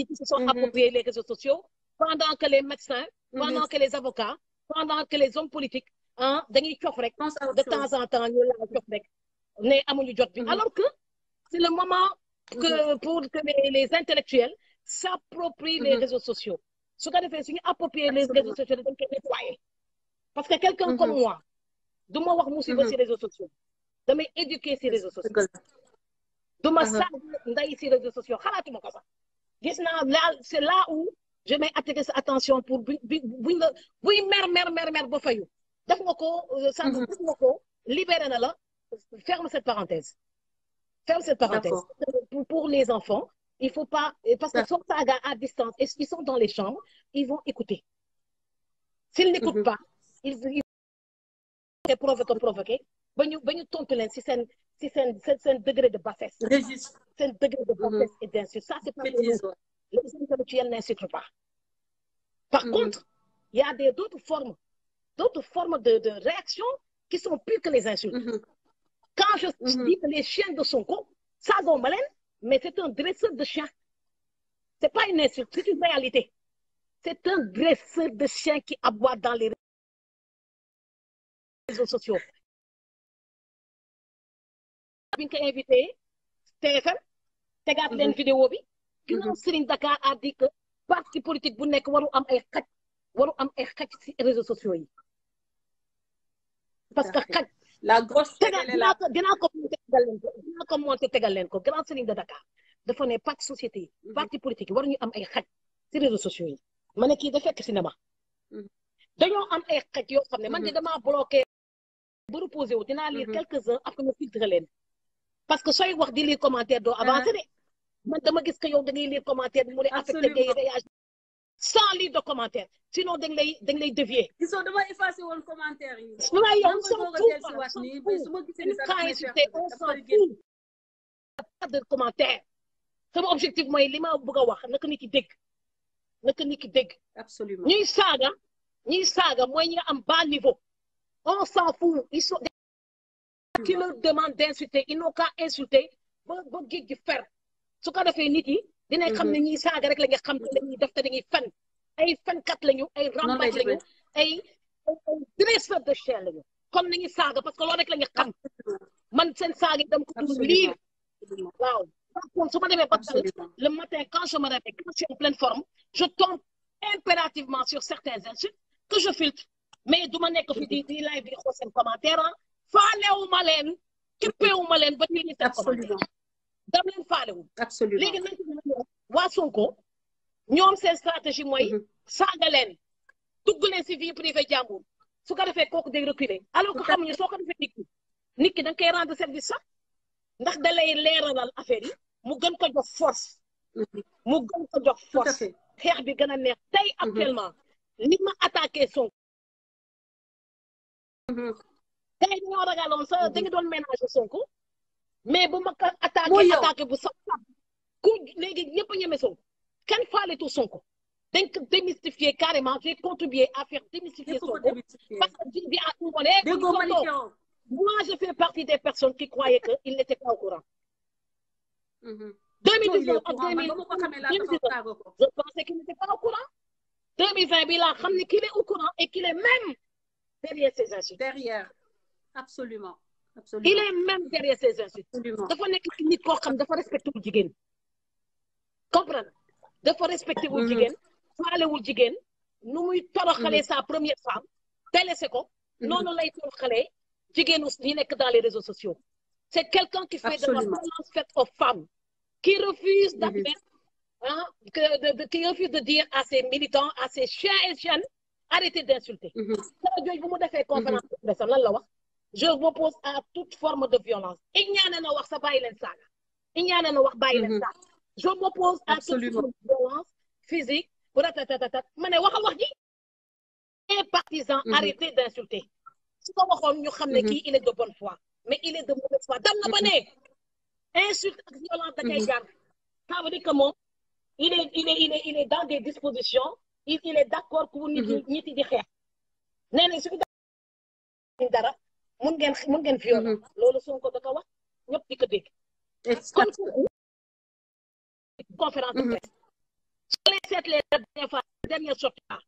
familles qui se sont mm-hmm. appropriées les réseaux sociaux pendant que les médecins mm-hmm. pendant que les avocats pendant que les hommes politiques ah dañuy cof de temps en temps ñu laa cof rek ne amuñu jot bi mm-hmm. alors que c'est le moment que pour que les, les intellectuels s'approprient les réseaux sociaux su ko defee suñu approprier les réseaux sociaux dañ koy nettoyer parce que quelqu'un comme moi du ma wax musiba si réseaux sociaux damay éduquer si réseaux sociaux du ma saaga nday si réseaux sociaux xalaatuma ko sax gis naa là c'est là où je may attirer attention pour bu bu buñ la buy mer mer mer mer ba fayu def nga ko euh, sànq mm-hmm. def na la ferme cette parenthèse ferme cette parenthèse pour, pour les enfants il faut pas euh, parce que son saga à distance et ils sont dans les chambres ils vont écouter s'ils n'écoutent mm-hmm. pas ils ils provoquer provoquer ba ñu ba ñu tontu leen si seen si seen seen degré de bassesse seen degré de grossesse et d'insulte ça c'est pas les intellectuels n'insultent pas par contre il y a des d'autres formes d'autres formes de de réaction qui sont pires que les insultes quand je dis les chiens de Sonko Sago Malène mais c'est un dresseur de chien c'est pas une insulte c'est une réalité c'est un dresseur de chien qui aboie dans les réseaux sociaux tegaat leen mhm. vidéo bi. Mhm. ginnaaw Serigne Dakar a dit que parti politique bu nekk waru am ay xaj waru am ay xaj si réseaux sociaux yi. que xaj. la grosse dinaa ko dinaa ko monté tegal leen ko leen ko grand de Dakar dafa ne parti société yi. Mhm. parti politique yi waruñu am ay xaj si réseaux sociaux yi. ma ne kii da fekk si ma. dañoo am ay xaj yoo xam ne man de damaa bloqué. ba reposé wu dinaa lire quelques uns après ma filtre leen. parce que sooy wax di lire commentaire doo ah. avancé de. man dama gis que yow da ngay lire commentaire bi mu lay affecté ngay réagir de commentaire sinon dañ lay dañ lay dévier. disons dama effacé woon commentaire yi. waaye sama objectif mooy li ma bëgg a wax naka nit ki dégg naka nit ki dégg. absolument saaga ñuy saaga mooy ñi nga am bas niveau. on s'en fout ils sont. qui leur demande d'insulter ils n'ont qu'à insulter ba ba géej gi fer. su ko defee nit yi. dinañ xam mhm. ne ñiy saaga rek la nga xam ne dañuy def te dañuy fan. ay fankat lañu ay rambaaj lañu ay ay dresseur de chair lañu comme nañu saaga parce que loolu rek la ñu xam man seen saaga yi dama ko dul lire waaw par contre su ma demee ba tal le matin quand je me réveille quand je suis en pleine forme je tombe impérativement sur certains insultes que je filtre mais du ma nekk fi di di live di xool seen commentaire ah faalewu ma leen bat ma leen ba ñu ñu dam leen faalewul absolument léegi waa Sonko ñoom seen stratégie mooy mhm. saaga leen dugg leen si vie privée jàmbur su ko defee kooku day reculer alors que xamuñu soo ko defee nit ki nit ki da koy rendre service sax ndax da lay leeralal yi mu gën ko jox force mhm. mu gën ko jox force xeex bi gën a neex tey mhm. actuellement li ma attaqué Sonko tey ñoo ragaloon sa da nga doon ménage Sonko mais bu ma ko attaqué attaqué sa sax ku léegi ñëpp a ñeme Sonko kenn faaletu Sonko dañ ko démystifier carrément j'ai contribué à faire démystifier Sonko parce moi je fais partie des personnes qui croyaient que il n'était pas au courant mm -hmm. 2019 ak 2019 je pensais qu'il n'était pas au courant et qu'il est même derrière ces insultes derrière il est même derrière ces insultes dafa nekk nit ko xam dafa respecté wul jigéen comprendre dafa respecté wul mm-hmm. jigéen faalewul jigéen nu muy toroxalee mm-hmm. sa première femme délaissé ko mm-hmm. noonu lay toroxalee jigéenu ñi nekk dans les réseaux sociaux c'est quelqu'un qui fait de la violence faite aux femmes qui refuse d'admettre ah qui refuse de dire à ses militants à ses chiens et chiennes arrêtez d'insulter. dara jooju bu mu defee conférence de presse lan la wax je m'oppose à toute forme de violence a na wax sa bàyyi leen saaga a na wax bàyyi leen saaga je m'oppose à toute forme de violence physique ratatatat ma ne waxal wax ji les partisans mm-hmm. arrêtez d'insulter su ko waxoon ñu xam ne mm-hmm. kii il est de bonne foi mais il est de mauvaise foi dem na ba ne mm-hmm. insulte ak violence da koy gar ça veut dire que moom dans des dispositions il est d'accord pour nit ñi nit mun ngeen mun ngeen viol mm-hmm. loolu Sonko da ko wax ñëpp di ko dégg kon conférence de presse soo leen seetlee la dernière fois dernière sortie